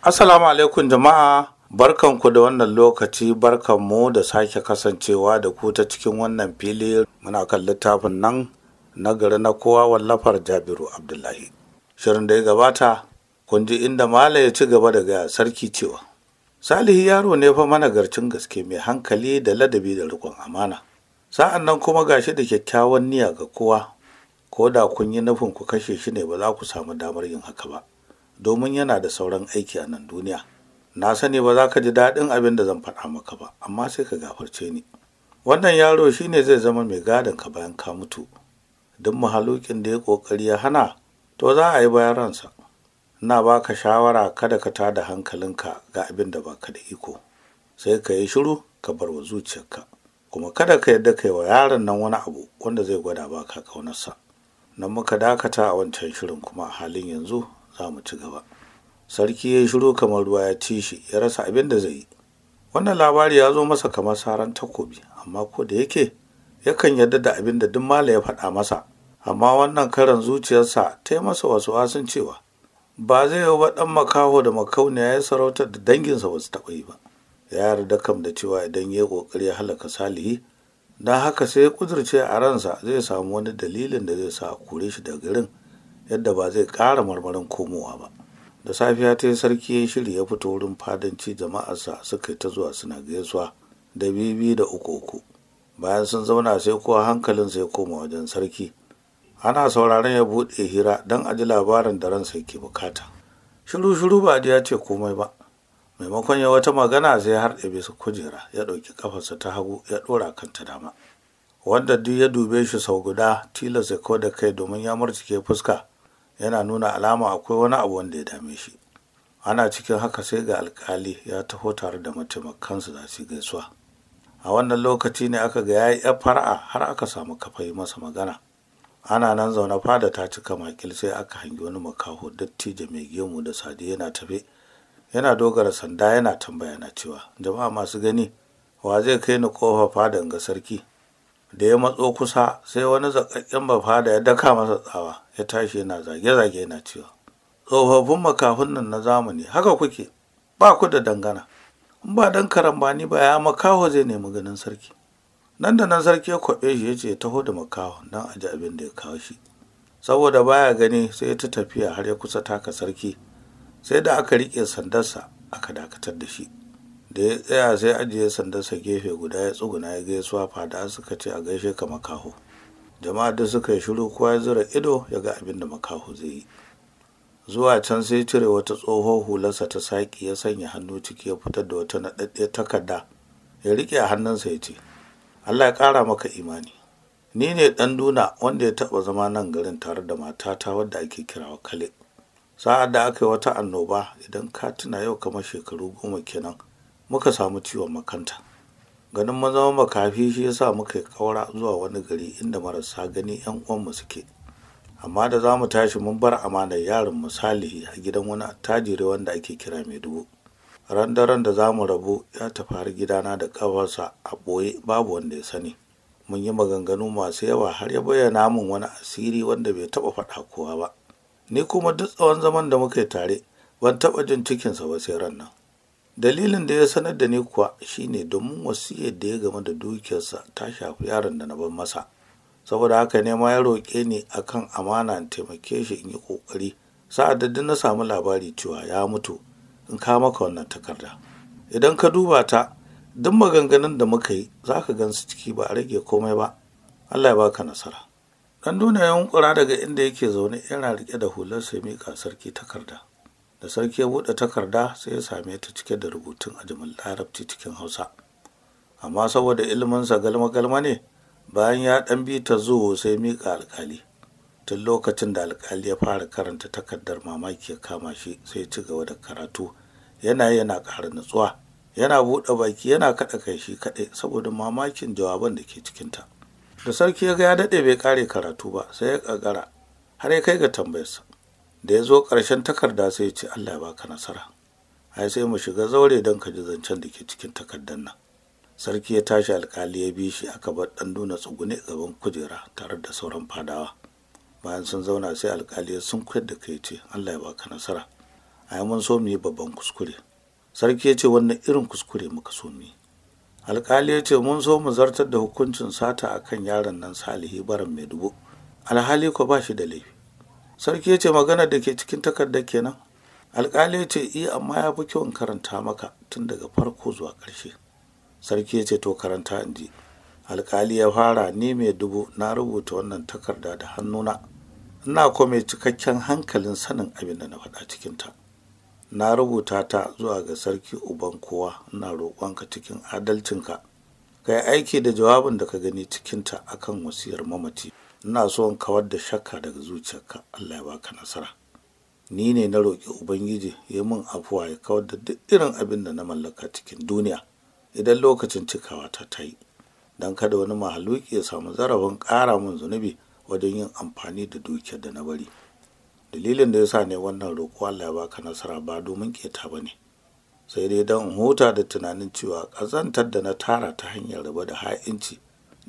'Asalamu alaikum jama'a barkanku da wannan lokaci barkanmu da sake kasancewa da ku ta cikin wannan fili muna kan littafin nan na gari na kowa wallafar Jabiru Abdullahi. Shirin da ya gabata kun ji inda Malam ya ci gaba daga sarki cewa Salihu yaro ne fa managarcin gaske mai hankali da ladabi da rikon amana. Sa'an nan kuma shi da kyakkyawan niyya ga kowa ko da kun yi nufin ku kashe shi ne ba za ku samu damar yin haka ba. domin yana da sauran aiki a nan duniya na sani ba za ka ji daɗin abin da zan faɗa maka ba amma sai ka gafarce ni wannan yaro shine zai zama mai gadon ka bayan ka mutu duk mahalukin da ya ƙoƙari ya hana to za a yi bayan ransa na ba ka shawara kada ka ta tada hankalinka ga abin da ba ka da iko sai ka yi shiru ka bar wa zuciyarka kuma kada ka yadda yi wa yaron nan wani abu wanda zai gwada ba ka kaunarsa nan muka dakata a wancan shirin kuma a halin yanzu za mu ci gaba sarki ya yi shiru kamar ruwa ya ci shi ya rasa abin da zai yi wannan labari ya zo masa kamar saran takobi amma ko da yake yakan yarda da abin da duk mala ya faɗa masa amma wannan karan zuciyarsa ta yi masa wasu wasun cewa ba zai yi wa ɗan makaho da makauniya ya sarauta da danginsa ba su taɓa yi ba ya yarda kam da cewa idan ya yi ƙoƙari ya halaka salihi don haka sai ya ƙudurce a ransa zai samu wani dalilin da zai sa a kore shi daga garin yadda ba zai ƙara marmarin komowa ba da safiya ta yi, sarki ya shirya ya fito wurin fadanci jama'arsa suka yi ta zuwa suna gaisuwa da bibi da uku uku bayan sun zauna sai kowa hankalin sai koma wajen sarki ana sauraron ya buɗe hira don a ji labarin da ransa yake bukata shiru shiru ba ya ce komai ba maimakon ya wata magana sai har ɗabe su kujera ya ɗauki kafarsa ta hagu ya ɗora kanta dama wanda duk ya dube shi sau guda tilasta ko da kai domin ya murtike fuska yana nuna alama akwai wani abu wanda ya dame shi ana cikin haka sai ga alkali ya taho tare da mataimakansu za su gaisuwa a wannan lokaci ne aka ga yayi yar fara'a har aka samu kafa yi masa magana ana nan zaune fada ta cika makil sai aka hangi wani makaho dattijo mai gemu da sadi yana tafe yana dogara sanda yana tambaya na cewa jama'a masu gani wa zai kai ni kofa fadan ga sarki da ya matso kusa sai wani zaƙaƙƙen zakakken bafada ya daka masa tsawa ya tashi yana zage-zage yana cewa tsofaffin makafin nan na zamani haka kuke ba ku da dangana in ba dan karambani ba ya makaho zai nemi ganin sarki nan da nan sarki ya kwaɓe shi ya ce ya taho da makaho don a ji abin da ya kawo shi saboda baya gani sai ya ta tafiya har ya kusa taka sarki sai da aka riƙe sandarsa aka dakatar da shi da ya tsaya sai ajiye sandarsa gefe guda ya tsuguna ya gaisuwa fada suka ce a gaishe ka makaho jama'a da suka yi shiru kowa ya zura ido ya ga abin da makaho zai yi zuwa can sai cire wata tsohon hularsa ta saki ya sanya hannu ciki ya fitar da wata naɗaɗɗe takarda ya riƙe a hannunsa ya ce allah ya ƙara maka imani ni ne ɗan duna wanda ya taɓa zama nan garin tare da matata wadda ake kira kale sa'ad da aka yi wata annoba idan ka tuna yau kamar shekaru goma kenan muka samu ciwon makanta ganin mun zama makafi shi yasa muka kaura zuwa wani gari inda marasa gani yan uwanmu suke amma da za mu tashi mun bar amanar yarin misalihi a gidan wani attajiri wanda ake kira mai dubu ran da za mu rabu ya tafi har gidana da kafarsa a ɓoye babu wanda ya sani mun yi maganganu masu yawa har ya bayyana min wani asiri wanda bai taɓa faɗa kowa ba ni kuma duk tsawon zaman da muka yi tare ban taɓa jin cikinsa ba sai ran nan dalilin da ya sanar da ni kuwa shine domin wasiyar da ya game da dukiyarsa ta shafi yaron da na bar masa saboda haka ne ma ya roƙe ni akan amana in taimake shi in yi ƙoƙari sa'ad da duk na samu labari cewa ya mutu in ka maka wannan takarda idan ka duba ta duk maganganun da muka yi za ka gan su ciki ba a rage komai ba allah ya baka nasara dan duniya ya hunkura daga inda yake zaune yana riƙe da hular sai miƙa sarki takarda da sarki ya buɗe takarda sai ya same ta cike da rubutun ajimin larabci cikin hausa amma saboda iliminsa galma-galma ne bayan ya ɗan bi ta zuwa sai miƙa alƙali tun lokacin da alƙali ya fara karanta takardar mamaki ya kama shi sai ci gaba da karatu yana yana ƙara nutsuwa yana buɗe baki yana kaɗa kai shi kaɗai saboda mamakin jawaban da ke cikinta da sarki ya ga ya daɗe bai ƙare karatu ba sai ya ƙaƙara har ya kai ga tambayarsa da ya zo ƙarshen takarda sai ya ce allah ya baka nasara ai sai mu shiga zaure don ka ji zancen da ke cikin takardar nan sarki ya tashi alkali ya bi shi aka bar ɗan nuna tsugune gaban kujera tare da sauran fadawa bayan sun zauna sai alkali ya sun da kai ce allah ya baka nasara ai mun so mu yi babban kuskure sarki ya ce wannan irin kuskure muka so mu yi alkali ya ce mun so mu zartar da hukuncin sata akan yaron nan salihi baran mai dubu alhali ko ba shi da laifi sarki ya ce maganar da ke cikin takardar kenan alkali ya ce iya eh, amma ya fi kyau karanta maka tun daga farko zuwa ƙarshe sarki ya ce to karanta in ji alkali ya fara ni mai dubu na rubuta wannan takarda da hannuna ina ko mai cikakken hankalin sanin abin da na faɗa cikinta na rubuta ta zuwa ga sarki uban kowa ina roƙonka cikin adalcinka ka yi aiki da jawabin da ka gani cikinta akan wasiyar mamaci ina so in kawar da shakka daga zuciyarka Allah ya baka nasara ni ne na roƙi ubangiji ya min afuwa ya kawar da duk irin abin da na mallaka cikin duniya idan lokacin cikawa ta ta yi don kada wani mahaluki ya samu zarafin ƙara min zunubi wajen yin amfani da dukiyar da na bari dalilin da ya sa ne wannan roƙo Allah ya baka nasara ba domin ƙeta ba ne sai dai don huta da tunanin cewa ƙazantar da na tara ta hanyar raba da ha'inci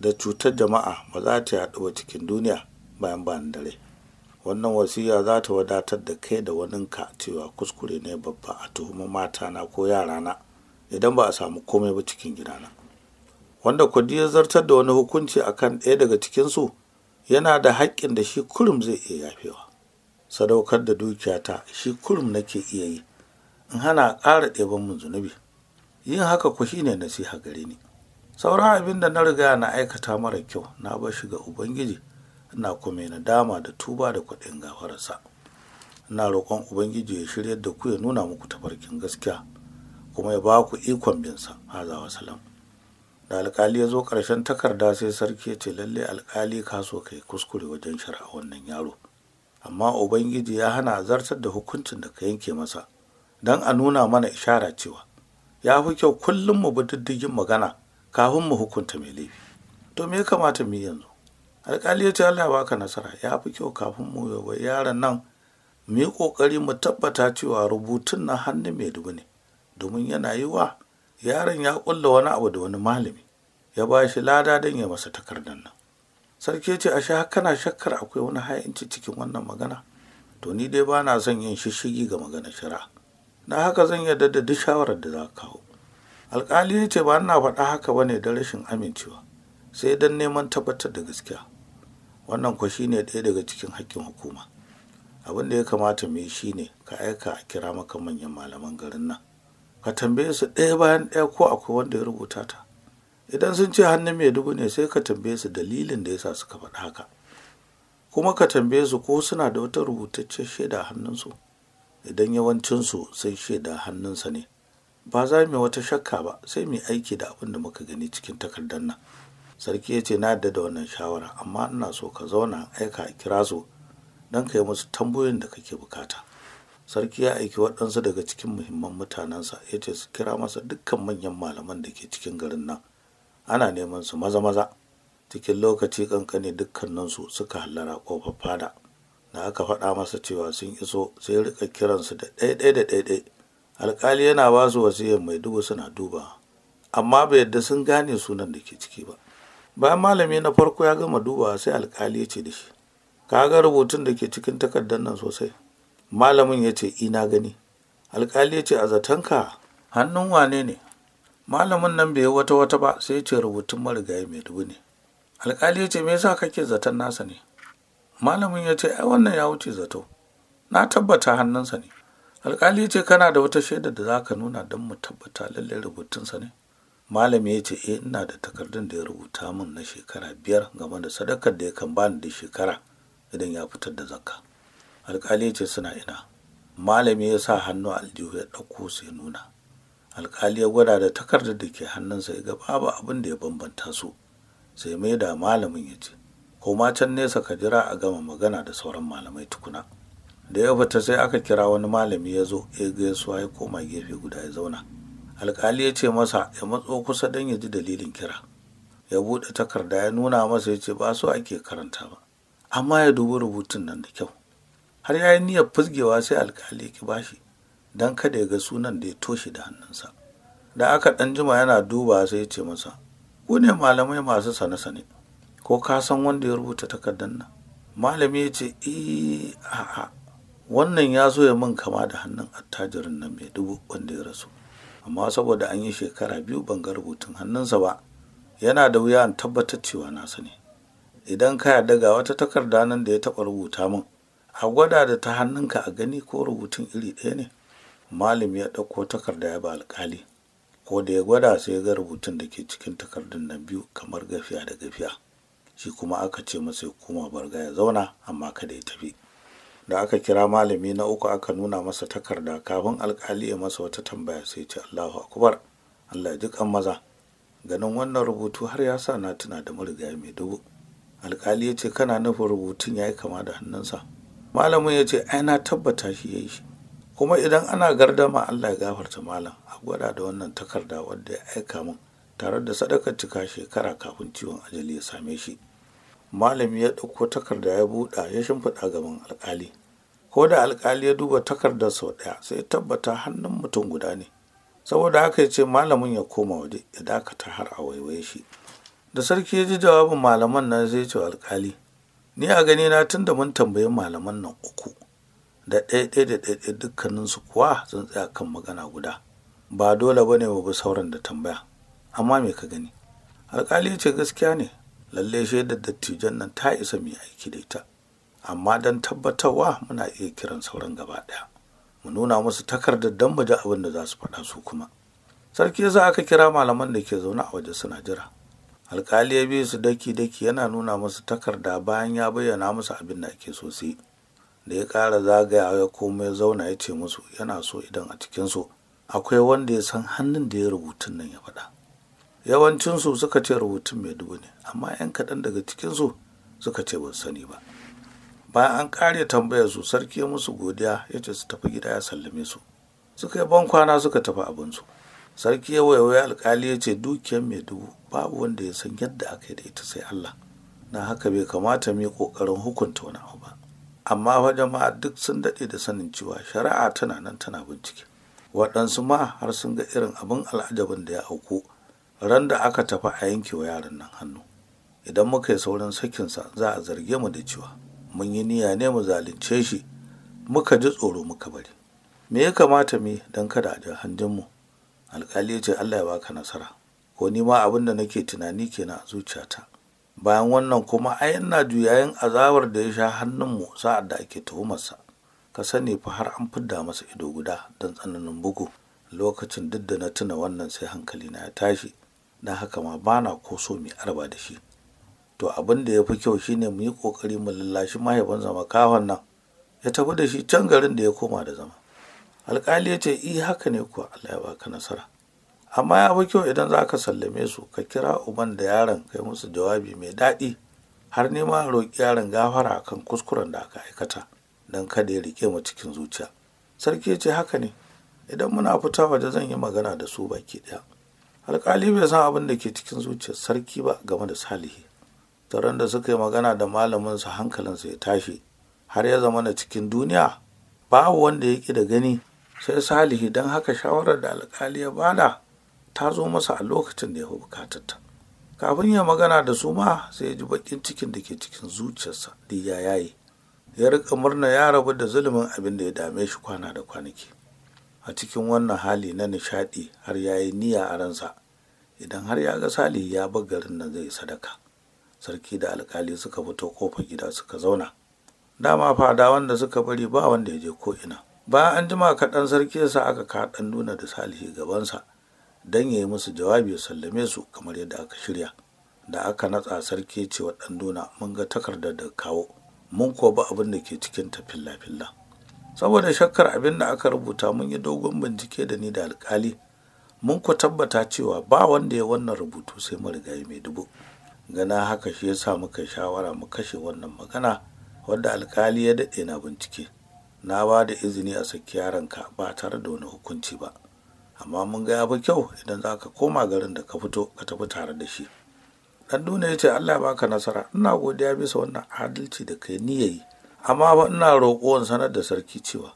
da cutar jama'a ba za ta yaɗu ba cikin duniya bayan ban dare wannan wasiya za ta wadatar da kai da waninka cewa kuskure ne babba a tuhumi matana ko yarana idan ba a samu komai ba cikin gidana wanda kwadi ya zartar da wani hukunci a kan ɗaya daga cikinsu yana da haƙƙin da shi kurum zai iya yafewa sadaukar da dukiyata shi kurum nake iya yi in hana ƙara ɗeban mun zunubi yin haka ku shine nasiha gare ni sauran abin da na riga na aikata mara kyau na bar shi ga ubangiji ina kuma na dama da tuba da kwaɗayin gafararsa ina roƙon ubangiji ya shirya da ku ya nuna muku tafarkin gaskiya kuma ya ba ku ikon binsa haza wa Salam. da alkali ya zo ƙarshen takarda sai sarki ya ce lalle alkali ka so ka yi kuskure wajen shari'a wannan yaro amma ubangiji ya hana zartar da hukuncin da ka yanke masa don a nuna mana ishara cewa ya fi kyau kullum mu bi diddigin magana kafin mu hukunta mai laifi to me ya kamata mu yi yanzu alƙali ya ce Allah ya baka nasara ya fi kyau kafin mu yawa yaran nan mu yi ƙoƙari mu tabbata cewa rubutun na hannu mai dubu ne domin yana yi wa yaron ya ƙulla wani abu da wani malami ya ba shi lada don ya masa takardar nan sarki ce a sha kana shakkar akwai wani ha'inci cikin wannan magana to ni dai ba na son yin shishigi ga maganar shari'a na haka zan yarda da duk shawarar da za ka kawo Alƙali ya ce ba na faɗa haka bane da rashin amincewa sai don neman tabbatar da gaskiya wannan kwa shine ɗaya daga cikin haƙƙin hukuma abin da ya kamata mu yi ne ka aika a kira maka manyan malaman garin nan ka tambaye su ɗaya bayan ɗaya ko akwai wanda ya rubuta ta idan sun ce hannun mai dubu ne sai ka tambaye su dalilin da ya sa suka faɗa haka kuma ka tambaye su ko suna da wata rubutaccen shaida hannunsu idan yawancinsu sun shaida hannunsa ne ba za mu wata shakka ba sai mu aiki da abin da muka gani cikin takardar nan sarki ya ce na yadda da wannan shawara amma ina so ka zauna aika a kira su don ka yi musu tambayoyin da kake bukata sarki ya aiki waɗansu daga cikin muhimman mutanensa ya ce su kira masa dukkan manyan malaman da ke cikin garin nan ana neman su maza maza cikin lokaci kankane dukkaninsu suka hallara kofar fada da aka faɗa masa cewa sun iso sai rika kiransu da ɗaiɗai da ɗaiɗai alkali yana ba su wasiyar mai dubu suna duba amma bai yadda sun gane sunan da ke ciki ba bayan malami na farko ya gama duba sai alkali ya ce da shi ka ga rubutun da ke cikin takardar nan sosai malamin ya ce ina gani alkali ya ce a zatonka hannun wane ne malamin nan bai wata wata ba sai ya ce rubutun marigayi mai dubu ne alkali ya ce me yasa kake zaton nasa ne malamin ya ce ai wannan ya wuce zato na tabbata hannunsa ne alkali ce kana da wata shaida da za ka nuna don mu tabbata lallai rubutunsa ne malami ya ce eh ina da takardun da ya rubuta min na shekara biyar game da sadakar da ya kan bani da shekara idan ya fitar da zakka Alƙali ya ce suna ina malami ya sa hannu a aljihu ya ɗauko sai nuna Alƙali ya gwada da takardar da ke hannunsa ya ga babu abin da ya bambanta su sai mai da malamin ya ce ko ma can nesa ka jira a gama magana da sauran malamai tukuna da ya fita sai aka kira wani malami ya zo ya gaisuwa ya koma gefe guda ya zauna alkali ya ce masa ya matso kusa don ya ji dalilin kira ya buɗe takarda ya nuna masa ya ce ba su ake karanta ba amma ya dubi rubutun nan da kyau har ya yi niyyar fusgewa sai alkali ki bashi don kada ya ga sunan da ya toshe da hannunsa da aka ɗan jima yana duba sai ya ce masa ku ne malamai masu sane-sane ko ka san wanda ya rubuta takardan nan malami ya ce eh, a'a wannan ya zo ya min kama da hannun attajirin nan mai dubu wanda ya rasu amma saboda an yi shekara biyu ban ga rubutun hannunsa ba yana da wuya in tabbatar cewa na sani idan ka yarda ga wata takarda nan da ya taɓa rubuta min a gwada da ta hannunka a gani ko rubutun iri ɗaya ne malam ya ɗauko takarda ya ba alƙali ko da ya gwada sai ga rubutun da ke cikin takardun nan biyu kamar gafiya da gafiya shi kuma aka ce masa ya koma barga ya zauna amma kada ya tafi da aka kira malami na uku aka nuna masa takarda kafin alkali ya masa wata tambaya sai ce Allahu akbar Allah ji maza ganin wannan rubutu har ya sa na tuna da marigayi mai dubu alkali ya ce kana nufin rubutun ya yi kama da hannunsa malamin ya ce ai na tabbata shi yayi yi shi kuma idan ana gardama Allah ya gafarta malam a gwada da wannan takarda wadda ya aika min tare da sadakar cika shekara kafin ciwon ajali ya same shi malami ya ɗauko takarda ya buɗa ya shimfiɗa gaban alkali ko da alkali ya duba takardar sau ɗaya sai tabbata hannun mutum guda ne saboda haka ya ce malamin ya koma waje ya dakata har a waiwaye shi da sarki ya ji jawabin malaman nan sai ce alkali ni a gani na tun da mun tambayi malaman nan uku da ɗaya ɗaya da ɗaya ɗaya dukkaninsu kuwa sun tsaya kan magana guda ba dole ba ne mu bi sauran da tambaya amma me ka gani alkali ya ce gaskiya ne lalle shaidar dattijan nan ta isa mai aiki da ita amma don tabbatarwa muna iya kiran sauran gaba ɗaya mu nuna musu takardar don mu ji abin da za su faɗa su kuma sarki yasa aka kira malaman da ke zaune a waje suna jira alkali ya biyu su daki daki yana nuna musu takarda bayan ya bayyana musu abin da ake so sai da ya ƙara zagaya ya komai ya zauna ya ce musu yana so idan a cikinsu akwai wanda ya san hannun da ya rubutun nan ya faɗa yawancinsu suka ce rubutun mai dubu ne amma 'yan kaɗan daga cikinsu suka ce ban sani ba bayan an kare tambayar su sarki ya musu godiya ya ce su tafi gida ya sallame su suka yi ban kwana suka tafi abinsu sarki ya waiwaye alkali ya ce dukiyar mai dubu babu wanda ya san yadda aka yi da ita sai allah na haka bai kamata mu yi kokarin hukunta wani abu ba amma fa jama'a duk sun daɗe da sanin cewa shari'a tana nan tana bincike waɗansu ma har sun ga irin abin al'ajabin da ya auku ran da aka tafi a yanke wa yaran nan hannu idan muka yi saurin sakinsa za a zarge mu da cewa mun yi niyya ne mu zalunce shi muka ji tsoro muka bari me ya kamata mu don kada a ji hanjinmu alkali ya ce allah ya baka nasara ko ni ma abin da nake tunani kenan a zuciyata bayan wannan kuma ai ina juyayin azawar da ya sha hannunmu sa'ad da ake tuhumarsa ka sani fa har an fidda masa ido guda don tsananin bugu lokacin duk da na tuna wannan sai hankali na ya tashi don haka ma bana ko so mai arba da shi to abin da ya fi kyau shine mu yi ƙoƙari mu lallashi mahaifin zama kawan nan ya tafi da shi can garin da ya koma da zama alƙali ya ce i eh, haka ne kuwa allah ya baka nasara amma ya fi kyau idan za ka sallame su ka kira uban da yaron kai musu jawabi mai daɗi har nema roƙi yaron gafara kan kuskuren da aka aikata don kada ya riƙe mu cikin zuciya sarki ya ce haka ne idan muna fita waje zan yi magana da su baki ɗaya alƙali bai san abin da ke cikin zuciyar sarki ba game da salihi taron da suka yi magana da malaminsa hankalinsa ya tashi har ya zama na cikin duniya babu wanda ya ƙi da gani sai salihi don haka shawarar da alƙali ya bada ta zo masa a lokacin da ya fi bukatarta kafin ya magana da su ma sai ya ji baƙin cikin da ke cikin zuciyarsa da ya yayi ya rika murna ya rabu da zulumin abin da ya dame shi kwana da kwanaki a cikin wannan hali na nishaɗi har ya yi niyya a ransa idan har ya ga salihu ya bar garin nan zai sadaka sarki da alkali suka fito kofar gida suka zauna dama fada wanda suka bari ba wanda ya je ko ina bayan an jima kaɗan sarki sa aka kaɗan nuna da salihi gabansa don ya yi musu jawabi ya sallame su kamar yadda aka shirya da aka natsa sarki ce wa ɗan- nuna, mun ga takardar da kawo mun ko ba abin da ke cikin ta filla-filla saboda shakkar abin da aka rubuta mun yi dogon bincike da ni da alkali mun ku tabbata cewa ba wanda ya wannan rubutu sai mu marigayi mai dubu gana haka shi ya sa muka shawara mu kashe wannan magana wadda alkali ya daɗe na bincike na ba da izini a saki yaranka ba tare da wani hukunci ba amma mun ga yafi kyau idan za ka koma garin da ka fito ka tafi tare da shi dan duna ya ce allah ba ka nasara ina godiya bisa wannan adalci da kai ni yi amma ba ina roƙon sanar da sarki cewa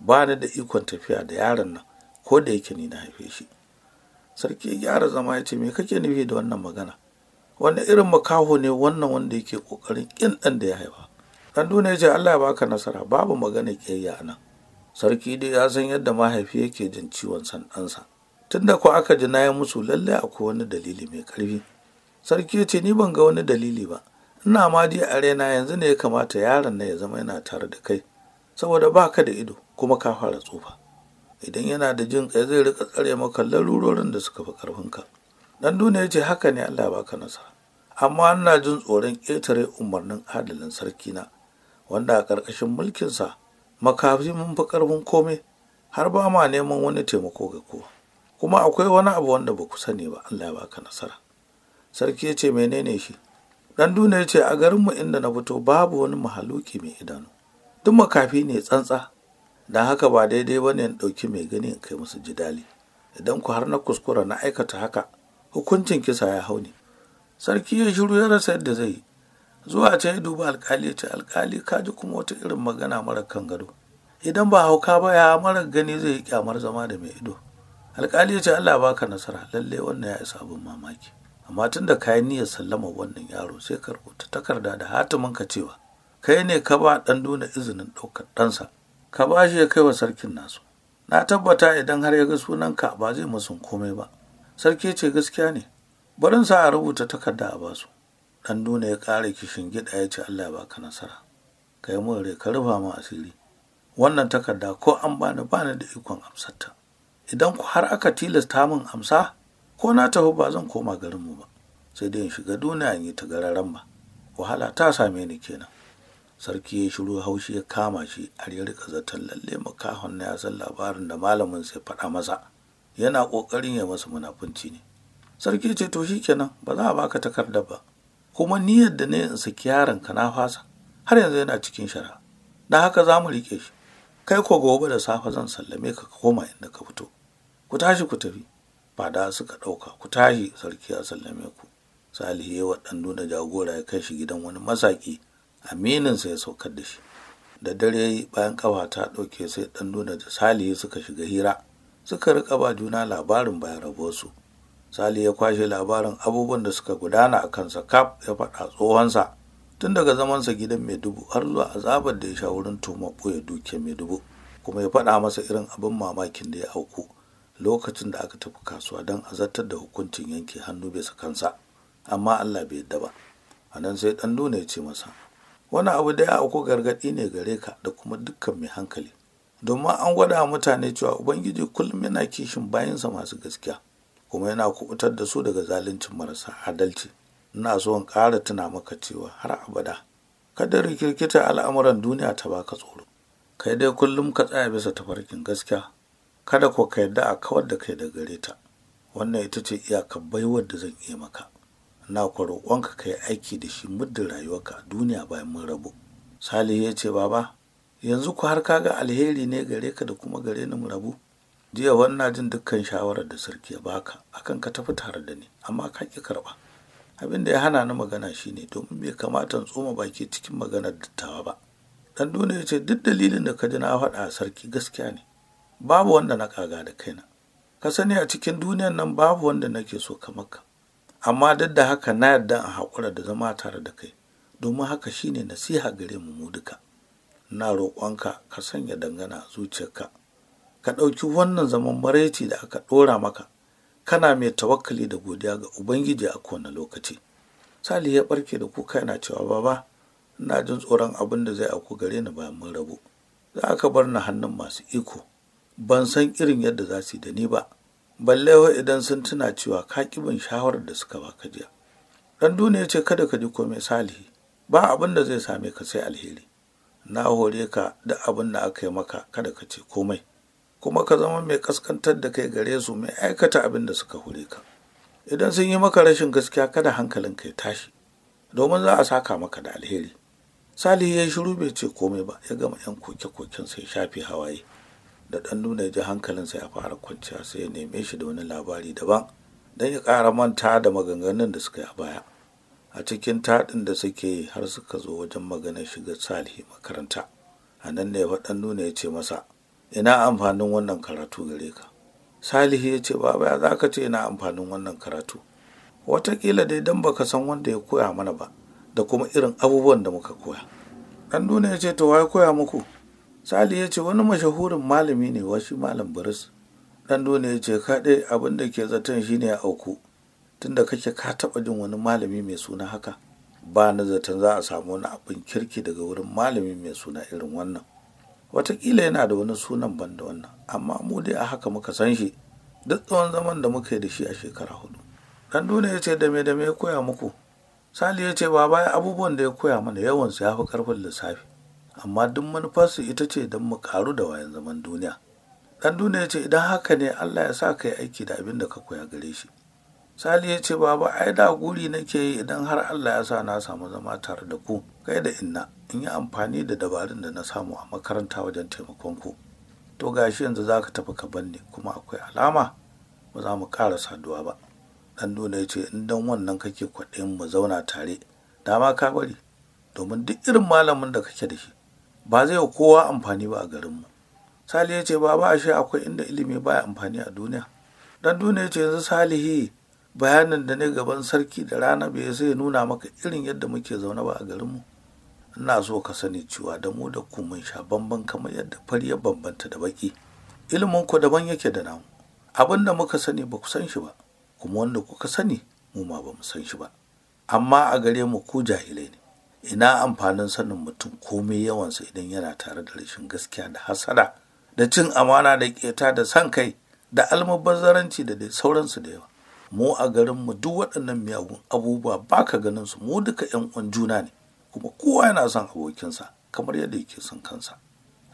ba ni da ikon tafiya da yaron nan ko da yake ni na haife shi sarki ya gyara zama ya ce me kake nufi da wannan magana wani irin makaho ne wannan wanda yake kokarin kin ɗan da ya haifa dan duniya ce Allah ya baka nasara babu magana kiyayya nan sarki dai ya san yadda mahaifi yake jin ciwon san ɗansa tunda ko aka ji na ya musu lalle akwai wani dalili mai karfi sarki ya ce ni ban ga wani dalili ba ina ma dai a rena, yanzu ne ya kamata yaron na ya zama yana tare da kai saboda baka da ido kuma ka fara tsufa idan yana da jin kai zai rika tsare maka larurorin da suka fi ƙarfinka dan duniya ce haka ne allah baka nasara amma ina jin tsoron ƙetare umarnin adalin sarki na wanda a ƙarƙashin mulkinsa makafi mun fi ƙarfin komai, har ba ma neman wani taimako ga kowa kuma akwai wani abu wanda ba ku sani ba allah ya baka nasara sarki ya ce menene shi dan duniya ya ce a garinmu inda na fito babu wani mahaluki mai idanu duk makafi ne tsantsa dan haka ba daidai bane ne in ɗauki mai gani in kai musu jidali idan ku har na kuskura na aikata haka hukuncin kisa ya hau ne sarki ya shiru ya rasa yadda zai yi zuwa ta ya duba alkali ce alkali ka ji kuma wata irin magana mara kan gado idan ba hauka ba ya mara gani zai yi kyamar zama da mai ido alkali ya ce allah baka nasara lallai wannan ya isa abin mamaki amma tun da kayan niyyar sallama wannan yaro sai ka rubuta takarda da hatimin ka cewa kai ne ka ba dan duna izinin ɗaukar ɗansa ka ba shi ya kai wa sarkin nasu na tabbata idan har ya ga sunanka ba zai masun komai ba sarki ce gaskiya ne barin sa a rubuta takarda a basu dan nuna ya ƙara kishin gida ya ce Allah ba ka nasara ka yi mun rai ka rufa mu asiri wannan takarda ko an bani bani da ikon amsarta idan ku har aka tilasta min amsa ko na tafi ba zan koma garin mu ba sai dai in shiga duniya in yi ta gararan ba wahala ta same ni kenan sarki ya shiru haushi ya kama shi har ya rika zaton lalle makahon na ya san labarin da malamin sai faɗa masa yana ƙoƙarin ya masa munafunci ne sarki ce to shi kenan ba za a baka takarda ba kuma niyyar da ne in saki yaron ka na fasa har yanzu yana cikin shara dan haka za mu rike shi kai ko gobe da safe zan sallame ka ka koma inda ka fito ku tashi ku tafi ba da suka ɗauka ku tashi sarki ya sallame ku salihu ya waɗandu da jagora ya kai shi gidan wani masaki amininsa ya saukar da shi da dare bayan kafa ta ɗauke sai ɗan nuna da salihu suka shiga hira suka rika ba juna labarin bayan rabuwarsu sali ya kwashe labarin abubuwan da suka gudana a kansa kaf ya faɗa tsohonsa tun daga zamansa gidan mai dubu har zuwa azabar da ya sha wurin tuma ɓoye dukiyar mai dubu kuma ya faɗa masa irin abin mamakin da ya auku lokacin da aka tafi kasuwa don azartar da hukuncin yanke hannu bisa kansa amma allah bai yadda ba a nan sai ɗan nuna ya ce masa wani abu da ya auku gargaɗi ne gare ka da kuma dukkan mai hankali domin an gwada mutane cewa ubangiji kullum yana kishin bayansa masu gaskiya kuma yana kubutar da su daga zaluncin marasa adalci ina so in ƙara tuna maka cewa har abada kada rikirkita al'amuran duniya ta baka tsoro kai dai kullum ka tsaya bisa tafarkin gaskiya kada ko ka yarda a kawar da kai da gare ta wannan ita ce iyakar baiwar da zan iya maka na ku roƙonka ka yi aiki da shi muddin rayuwarka a duniya bayan mun rabu salihu ya ce baba yanzu ku har kaga alheri ne gare ka da kuma gare ni mu rabu jiya wannan jin dukkan shawarar da sarki ya baka akan ka tafi tare da ni amma ka ki karba abin da ya hana ni magana shine domin bai kamata in tsoma baki cikin maganar dattawa ba dan dole ya ce duk dalilin da ka ji na faɗa a sarki gaskiya ne babu wanda na kaga da kaina ka sani a cikin duniyan nan babu wanda nake so kamar ka amma duk da haka na yarda in haƙura da zama tare da kai domin haka shine nasiha gare mu mu duka na roƙonka ka sanya dangana zuciyarka ka ɗauki wannan zaman maraici da aka ɗora maka kana mai tawakkali da godiya ga ubangiji a kowane lokaci sali ya ɓarke da kuka yana cewa baba ina jin tsoron abin da zai auku gare ni bayan mun rabu za ka bar ni hannun masu iko ban san irin yadda za su yi da ni ba balle idan sun tuna cewa ka ƙi bin shawarar da suka baka jiya dan duniya ce kada ka ji komai salihi ba abin da zai same ka sai alheri na hore ka da abin da aka yi maka kada ka ce komai kuma ka zama mai kaskantar da kai gare su mai aikata abin da suka hore ka idan sun yi maka rashin gaskiya kada hankalinka ya tashi domin za a saka maka da alheri salihu ya shiru bai ce komai ba ya gama yan koke-koken sai shafe hawaye da ɗan nuna ya ji hankalinsa ya fara kwanciya sai ya neme shi da wani labari daban dan ya ƙara manta da maganganun da suka yi a baya a cikin taɗin da suke yi har suka zo wajen magana shiga salihi makaranta a nan ne faɗan nuna ya ce masa ina amfanin wannan karatu gare ka salihi ya ce baba ya za ka ce ina amfanin wannan karatu watakila dai don baka san wanda ya koya mana ba da kuma irin abubuwan da muka koya ɗan nuna ya ce to wai koya muku salihi ya ce wani mashahurin malami ne wasu malam baris ɗan nuna ya ce kaɗai abin da ke zaton shine ya auku tunda kake ka taɓa jin wani malami mai suna haka ba na zaton za a samu wani abin kirki daga wurin malami mai suna irin wannan Wataƙila yana da wani sunan ban da wannan amma mu dai a haka muka san shi duk tsawon zaman da muka yi da shi a shekara hudu dan duniya ya ce da me da me ya koya muku sali ya ce baba abubuwan da ya koya mana yawan su ya fi karfin lissafi amma duk manufarsu ita ce don mu karu da wayan zaman duniya dan duniya ya ce idan haka ne allah ya sa ka yi aiki da abin da ka koya gare shi sali ya ce baba ai da guri nake yi idan har allah ya sa na samu zama tare da ku kai da inna in yi amfani da dabarun da na samu a makaranta wajen taimakon ku to gashi yanzu za ka tafi ka banne kuma akwai alama ba za mu ƙara saduwa ba dan nuna ya ce in dan wannan kake kwaɗayin mu zauna tare dama ka bari domin duk irin malamin da kake da shi ba zai kowa amfani ba a garinmu sali ya ce baba ashe akwai inda ilimi baya amfani a duniya dan duniya ya ce yanzu salihi bayanin da ne gaban sarki da rana bai sai nuna maka irin yadda muke zaune ba a garinmu ina so ka sani cewa da mu da ku mun sha bamban kamar yadda fari ya bambanta da baki ilimin ku daban yake da namu abin da muka sani ba ku san shi ba kuma wanda kuka sani mu ma ba mu san shi ba amma a gare mu ku jahilai ne ina amfanin sanin mutum komai yawansa idan yana tare da rashin gaskiya da hasada da cin amana da keta da san kai da almubazzaranci da dai sauransu da yawa mu a garinmu duk waɗannan miyagun abubuwa ba ka ganin su mu duka yan uwan juna ne kuma kowa yana son abokinsa kamar yadda yake son kansa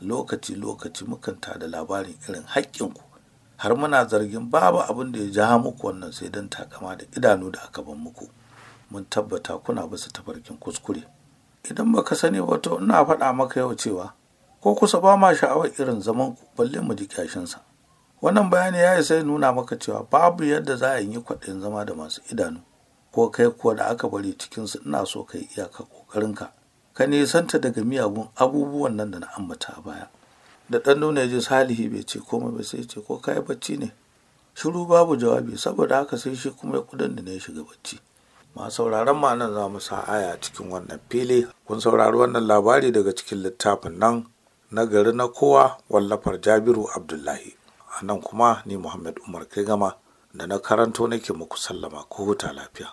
lokaci lokaci mukan ta da labarin irin ku. har muna zargin babu abin da ya ja muku wannan sai don takama da idanu da aka ban muku mun tabbata kuna bisa tafarkin kuskure idan baka sani wato ina faɗa maka yau cewa ko kusa ba ma sha'awar irin zaman ku balle mu ji kyashinsa wannan bayani ya isa sai nuna maka cewa babu yadda za a yi kwaɗayin zama da masu idanu ko kai kuwa da aka bari cikinsu ina so ka yi iyaka ƙoƙarinka ka nisanta daga miyagun abubuwan nan da na ambata a baya da ɗan nuna ji salihi bai ce komai bai sai ce ko kai bacci ne shiru babu jawabi saboda haka sai shi kuma ya kudin da ne shiga bacci ma sauraron ma nan za mu sa aya cikin wannan fili kun saurari wannan labari daga cikin littafin nan na gari na kowa wallafar jabiru abdullahi a nan kuma ni muhammad umar kai gama da na karanto nake muku sallama ko huta lafiya